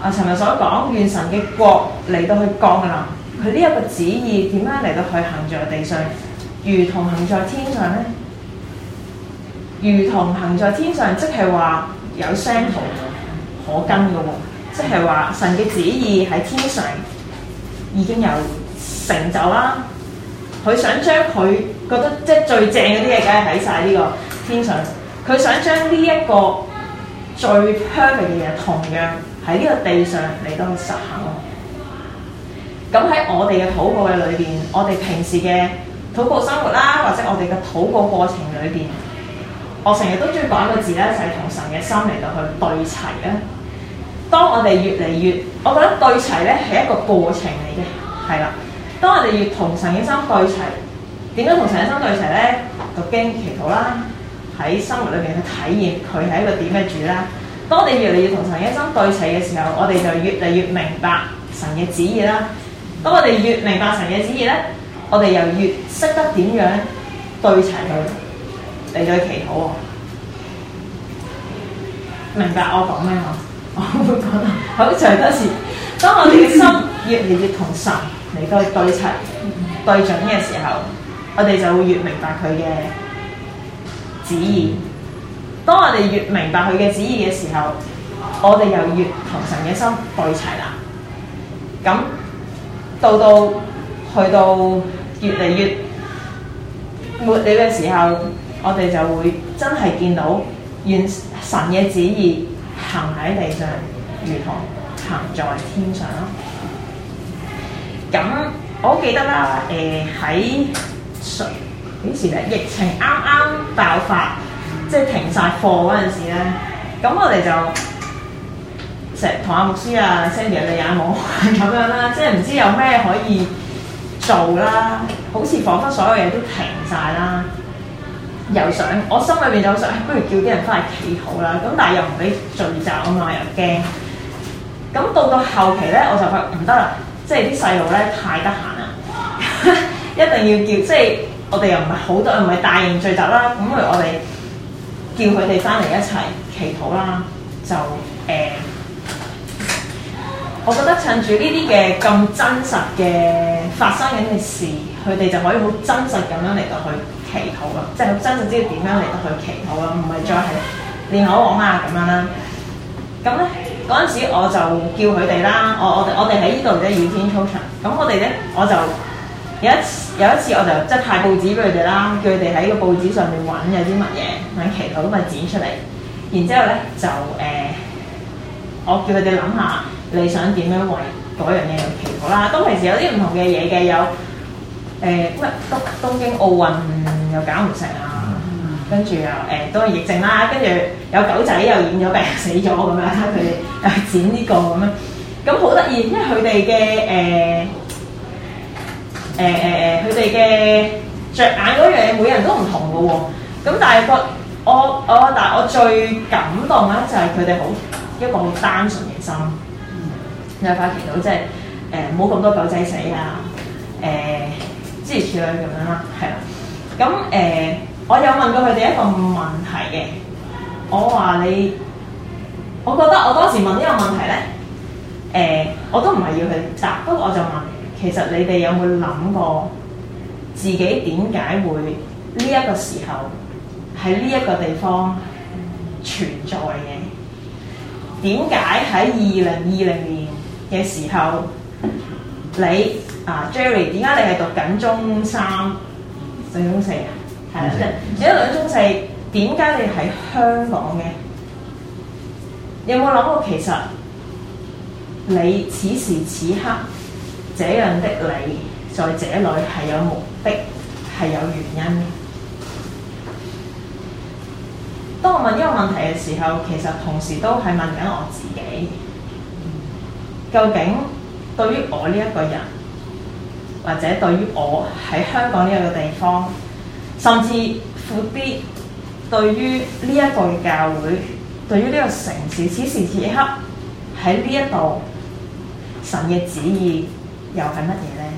S1: 啊，尋日所講願神嘅國嚟到去降臨啦。佢呢一個旨意點樣嚟到去行在地上，如同行在天上咧？如同行在天上，即係話有相同可跟㗎喎。即係話神嘅旨意喺天上已經有成就啦。佢想將佢覺得即係最正嗰啲嘢，梗係喺晒呢個天上佢想將呢一個最 perfect 嘅嘢，同樣喺呢個地上嚟到實行咯。咁喺我哋嘅禱告嘅裏邊，我哋平時嘅禱告生活啦，或者我哋嘅禱告過程裏邊，我成日都中意講一個字咧，就係、是、同神嘅心嚟到去對齊啊。當我哋越嚟越，我覺得對齊咧係一個過程嚟嘅，係啦。當我哋越同神嘅心對齊，點樣同神嘅心對齊咧？讀經祈禱啦。喺生活裏邊去體驗，佢係一個點嘅主咧。當你越嚟越同神嘅心對齊嘅時候，我哋就越嚟越明白神嘅旨意啦。當我哋越明白神嘅旨意咧，我哋又越識得點樣對齊佢你對祈禱喎。明白我講咩嘛？我會覺得好似當時，當我哋嘅心越嚟越同神嚟對對齊對準嘅時候，我哋就會越明白佢嘅。旨意，當我哋越明白佢嘅旨意嘅時候，我哋又越同神嘅心對齊啦。咁到到去到越嚟越末了嘅時候，我哋就會真係見到願神嘅旨意行喺地上，如同行在天上啦。咁我好記得啦，誒喺幾時咧？疫情啱啱爆發，即係停晒課嗰陣時咧，咁我哋就成日同阿牧師啊、Sandy 啊、你有冇咁樣啦，即係唔知有咩可以做啦，好似彷彿所有嘢都停晒啦，又想我心裏邊就想、哎，不如叫啲人翻嚟企好啦，咁但係又唔俾聚集啊嘛，我又驚。咁到到後期咧，我就發覺唔得啦，即係啲細路咧太得閒啦， 一定要叫即係。我哋又唔係好多人，唔係大型聚集啦。咁、嗯、我哋叫佢哋翻嚟一齊祈禱啦。就誒、呃，我覺得趁住呢啲嘅咁真實嘅發生緊嘅事，佢哋就可以好真實咁樣嚟到去祈禱啦。即係好真實知道點樣嚟到去祈禱啦，唔係再係念口簧啊咁樣啦。咁咧嗰陣時，我就叫佢哋啦。我我我哋喺呢度嘅雨天操場，咁我哋咧，我就。有一次，有一次我就即派報紙俾佢哋啦，叫佢哋喺個報紙上面揾有啲乜嘢，揾祈禱嘅乜剪出嚟，然之後咧就誒、呃，我叫佢哋諗下你想點樣為嗰樣嘢有祈禱啦。當其時有啲唔同嘅嘢嘅，有誒乜、呃、東東京奧運又搞唔成啊，跟住又誒都係疫症啦，跟住有狗仔又染咗病死咗咁樣，佢哋又剪呢、這個咁樣，咁好得意，因為佢哋嘅誒。呃誒誒誒，佢哋嘅着眼嗰樣嘢，每人都唔同嘅喎、哦。咁但係個我我，但係我最感動咧、嗯，就係佢哋好一個好單純嘅心。你有發覺到即係誒，唔好咁多狗仔死啊！誒、呃、之類咁樣啦，係啦、啊。咁、嗯、誒、呃，我有問過佢哋一個問題嘅。我話你，我覺得我當時問呢個問題咧，誒、呃，我都唔係要去答，不過我就問。其實你哋有冇諗過自己點解會呢一個時候喺呢一個地方存在嘅？點解喺二零二零年嘅時候，你啊 Jerry，點解你係讀緊中三、中四啊？係啦、嗯，一兩中四，點解你喺香港嘅？有冇諗過其實你此時此刻？這樣的你，在這裏係有目的，係有原因。當我問呢個問題嘅時候，其實同時都係問緊我自己：究竟對於我呢一個人，或者對於我喺香港呢個地方，甚至闊啲，對於呢一個嘅教會，對於呢個城市，此時此刻喺呢一度，神嘅旨意又係乜嘢咧？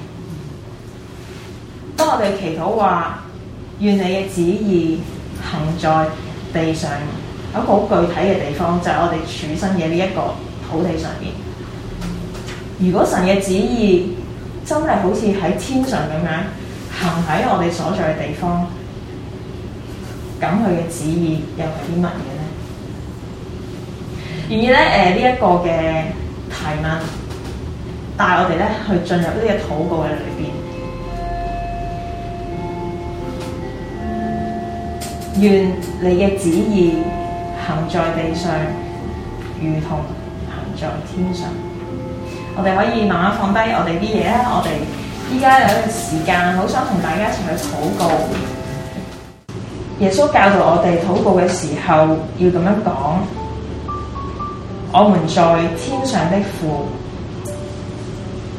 S1: 當我哋祈禱話：願你嘅旨意行在地上，有一個好具體嘅地方，就係、是、我哋處身嘅呢一個土地上面。如果神嘅旨意真係好似喺天上咁樣行喺我哋所在嘅地方，咁佢嘅旨意又係啲乜嘢咧？而咧，誒呢一個嘅提問。帶我哋咧去進入呢個嘅禱告嘅裏面。願你嘅旨意行在地上，如同行在天上。我哋可以慢慢放低我哋啲嘢啦，我哋依家有一段時間，好想同大家一齊去禱告。耶穌教導我哋禱告嘅時候要咁樣講：我們在天上的父。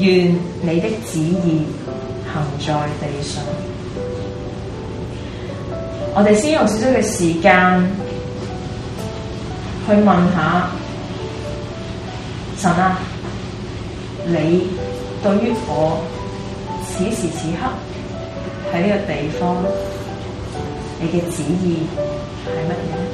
S1: 願你的旨意行在地上。我哋先用少少嘅時間去問下神啊，你對於我此時此刻喺呢個地方，你嘅旨意係乜嘢？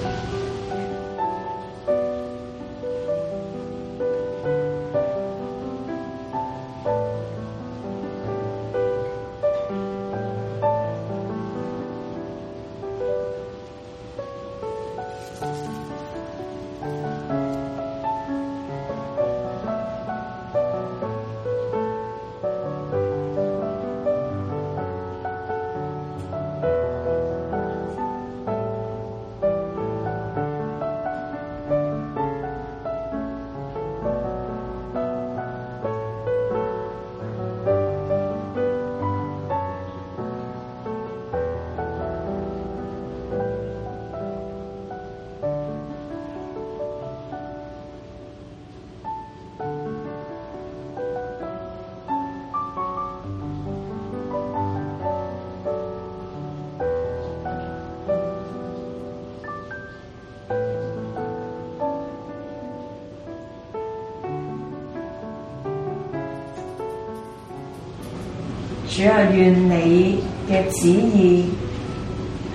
S1: 主要願你嘅旨意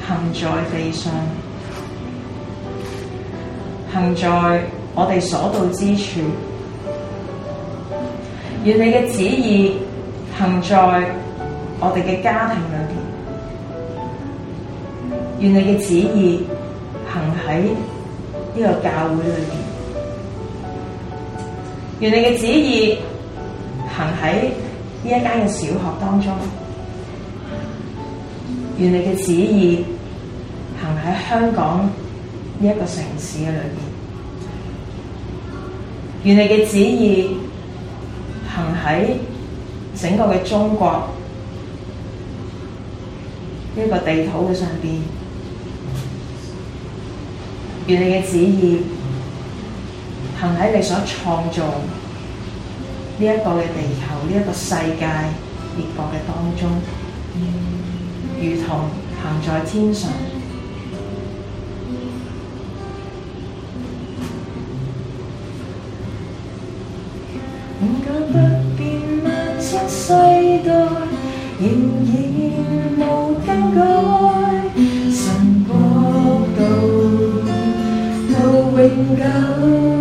S1: 行在地上，行在我哋所到之處，願你嘅旨意行在我哋嘅家庭裏面。願你嘅旨意行喺呢個教會裏面。願你嘅旨意。呢一間嘅小學當中，願你嘅旨意行喺香港呢一個城市嘅裏面，願你嘅旨意行喺整個嘅中國呢一個地圖嘅上面，願你嘅旨意行喺你所創造，呢一個嘅地球，呢、呢、一個世界滅國嘅當中，如同行在天上，
S3: 永久不變，萬世世代，仍然無更改，神國度到永久。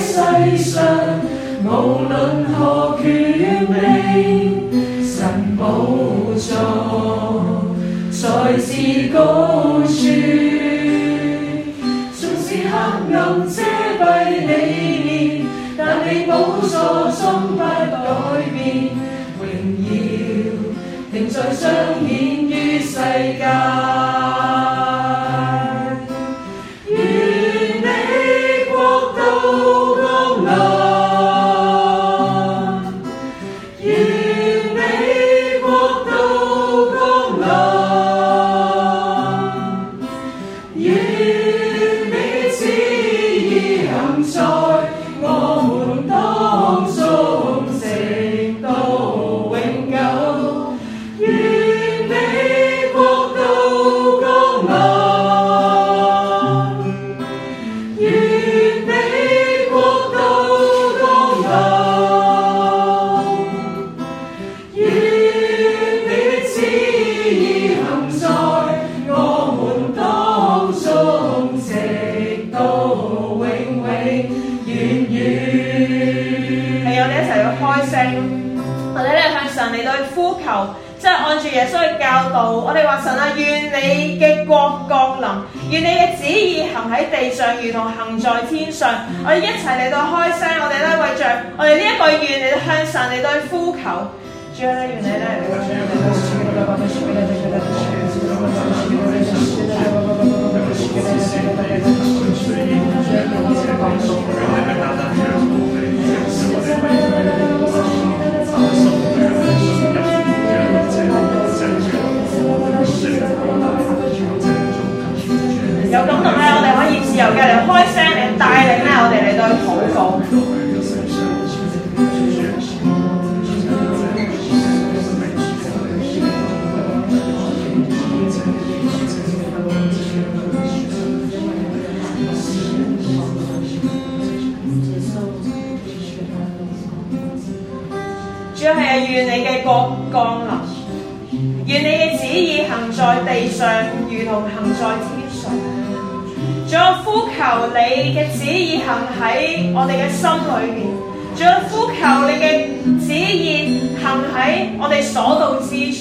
S3: 世上無論何權柄，神寶座在至高處。縱使黑暗遮蔽你面，但你寶座終不改變，榮耀仍在彰顯於世界。
S1: 你嘅旨意行喺我哋嘅心裏邊，仲有，呼求你嘅旨意行喺我哋所到之處。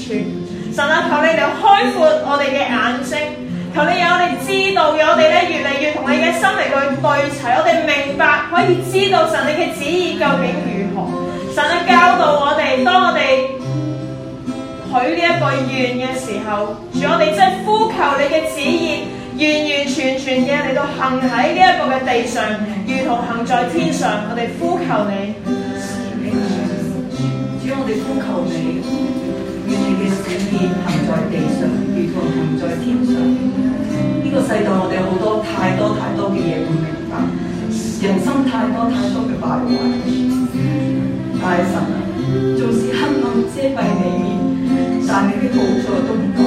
S1: 神啊，求你哋開闊我哋嘅眼睛，求你俾我哋知道，嘅，我哋咧越嚟越同你嘅心嚟去對齊，我哋明白可以知道神你嘅旨意究竟如何。神啊，教導我哋，當我哋許呢一個願嘅時候，主，我哋真係呼求你嘅旨意。完完全全嘅你都行喺呢一個嘅地上，如同行在天上。我哋呼求你，只要我哋呼求你，願你嘅旨意行在地上，如同行在天上。呢、這個世界我哋好多太多太多嘅嘢唔明白，人生太多太多嘅敗壞。但係神啊，縱使黑暗遮蔽你面，
S3: 但你啲好處都唔多。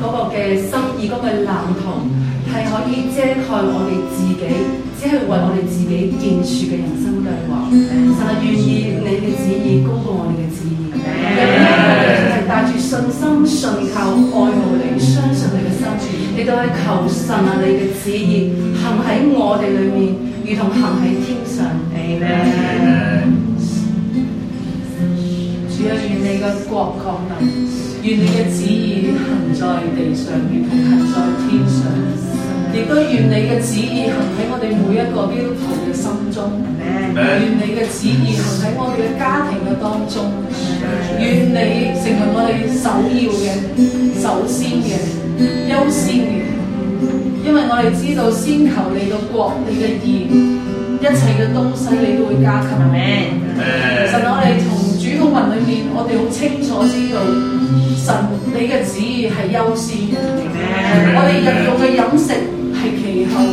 S3: 嗰個嘅心意，嗰、那個藍圖係可以遮蓋我哋自己，只係為我哋自己建樹嘅人生計劃。神啊，願意你嘅旨意高過我哋嘅旨意。有呢一係帶住信心、信靠、愛慕你、相信你嘅心。你都係求神啊你，你嘅旨意行喺我哋裏面，如同行喺天上地呢。嗯嗯嗯。願你嘅國降臨，願你嘅旨意行在地上，如同行在天上，亦都願你嘅旨意行喺我哋每一個基督徒嘅心中，願、嗯、你嘅旨意行喺我哋嘅家庭嘅當中，願、嗯、你成為我哋首要嘅、首先嘅、優先嘅，因為我哋知道先求你嘅國，你嘅義，一切嘅東西你都會加給，其實、嗯嗯、我哋。文裏面，我哋好清楚知道，神你嘅旨意係優先嘅。Amen. 我哋日用嘅飲食係其後。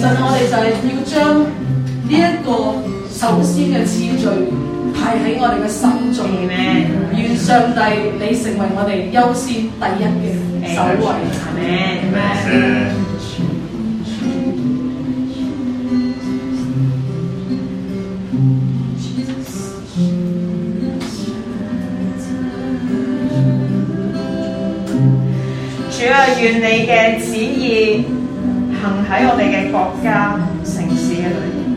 S3: 神，我哋就係要將呢一個首先嘅次序排喺我哋嘅心中。願 Amen. 上帝你成為我哋優先第一嘅首位。Amen. Amen.
S1: 願你嘅旨意行喺我哋嘅國家、城市裏面。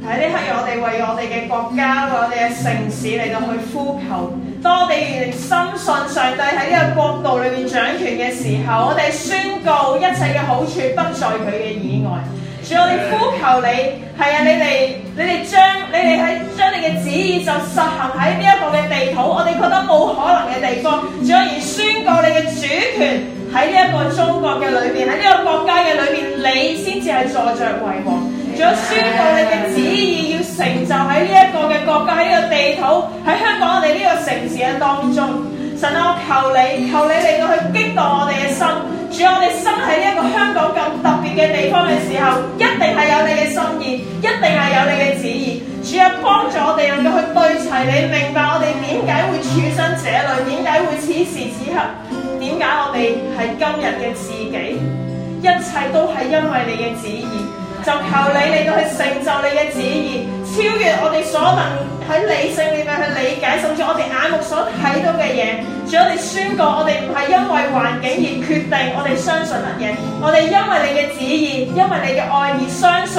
S1: 喺呢一刻，我哋為我哋嘅國家、我哋嘅城市嚟到去呼求。當我哋深信上帝喺呢個國度裏面掌權嘅時候，我哋宣告一切嘅好處不在佢嘅以外。主，我哋呼求你，係啊，你哋。你哋將你哋將你嘅旨意就實行喺呢一個嘅地土，我哋覺得冇可能嘅地方，仲要宣告你嘅主權喺呢一個中國嘅裏面，喺呢個國家嘅裏面。你先至係坐著為王，仲有宣告你嘅旨意要成就喺呢一個嘅國家，喺呢個地土，喺香港我哋呢個城市嘅當中。神啊，我求你，求你令到去激盪我哋嘅心，主，我哋生喺一個香港咁特別嘅地方嘅時候，一定係有你嘅心意，一定係有你嘅旨意，主啊，幫助我哋令到去對齊你，明白我哋點解會處身這裏，點解會此時此刻，點解我哋係今日嘅自己，一切都係因為你嘅旨意，就求你令到去成就你嘅旨意，超越我哋所能。喺理性裏面去理解，甚至我哋眼目所睇到嘅嘢，仲有我哋宣告：我哋唔係因為環境而決定我哋相信乜嘢，我哋因為你嘅旨意，因為你嘅愛而相信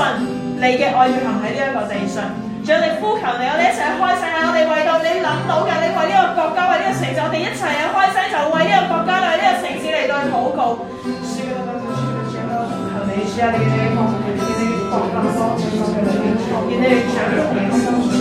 S1: 你嘅愛要行喺呢一個地上。仲有我哋呼求你，我哋一齊開聲啊！我哋為到你諗到嘅，你為呢個國家，為呢個城市，我哋一齊啊開聲，就為呢個國家，為呢個城市嚟到去禱告。求你主啊，你呢方，你呢方向，方，方嘅裏面，見你掌管我哋心。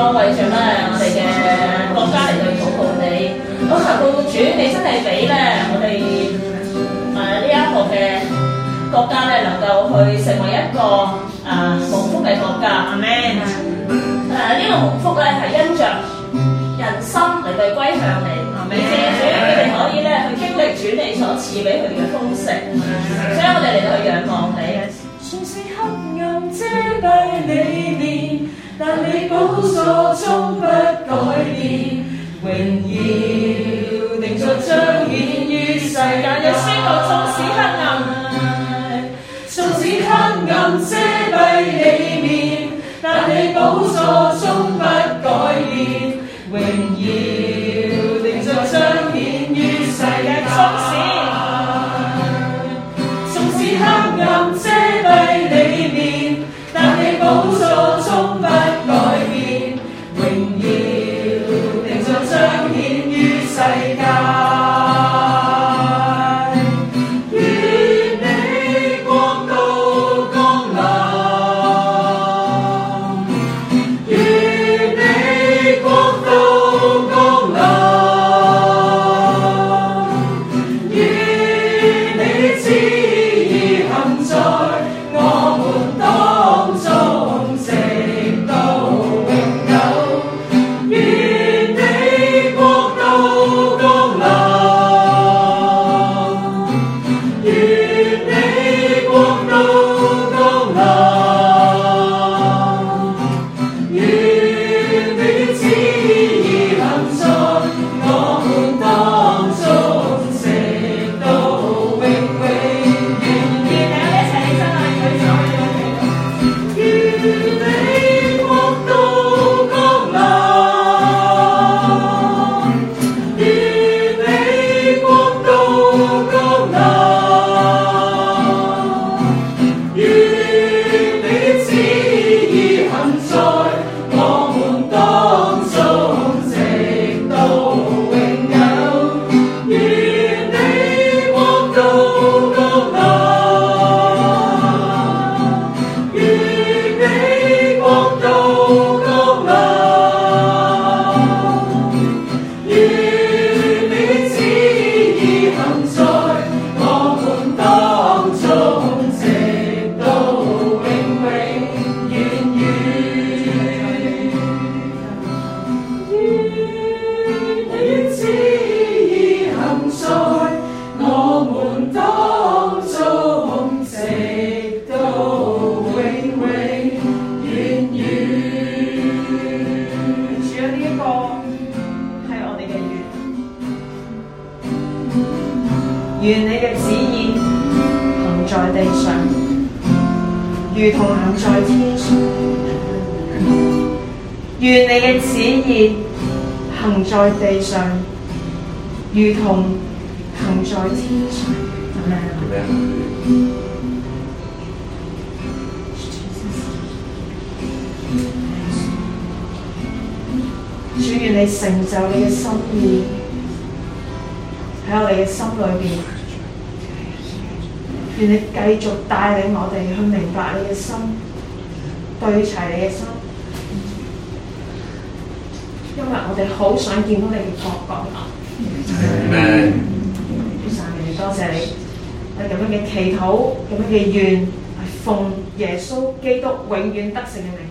S2: 為著咧，我
S1: 哋嘅國家嚟到仰望你，多謝主，你真係俾咧我哋誒呢一個嘅國家咧，能夠去成為一個誒蒙福嘅國家。阿門。誒，呢個蒙福咧係因著人心嚟到歸向你，而借主佢哋可以咧去經歷主你所賜俾佢哋嘅豐盛，所以我哋嚟到去仰望你。縱
S3: 使黑暗遮蔽你。但你幫助終不改變，榮耀定在彰顯於世間。有三個縱使黑暗，縱使黑暗遮蔽你面，但你幫助終不改變。榮
S1: 想見到你個角落，啊，咩？阿沙，你多謝你，你噉樣嘅祈禱，噉樣嘅願，奉耶穌基督永遠得勝嘅名。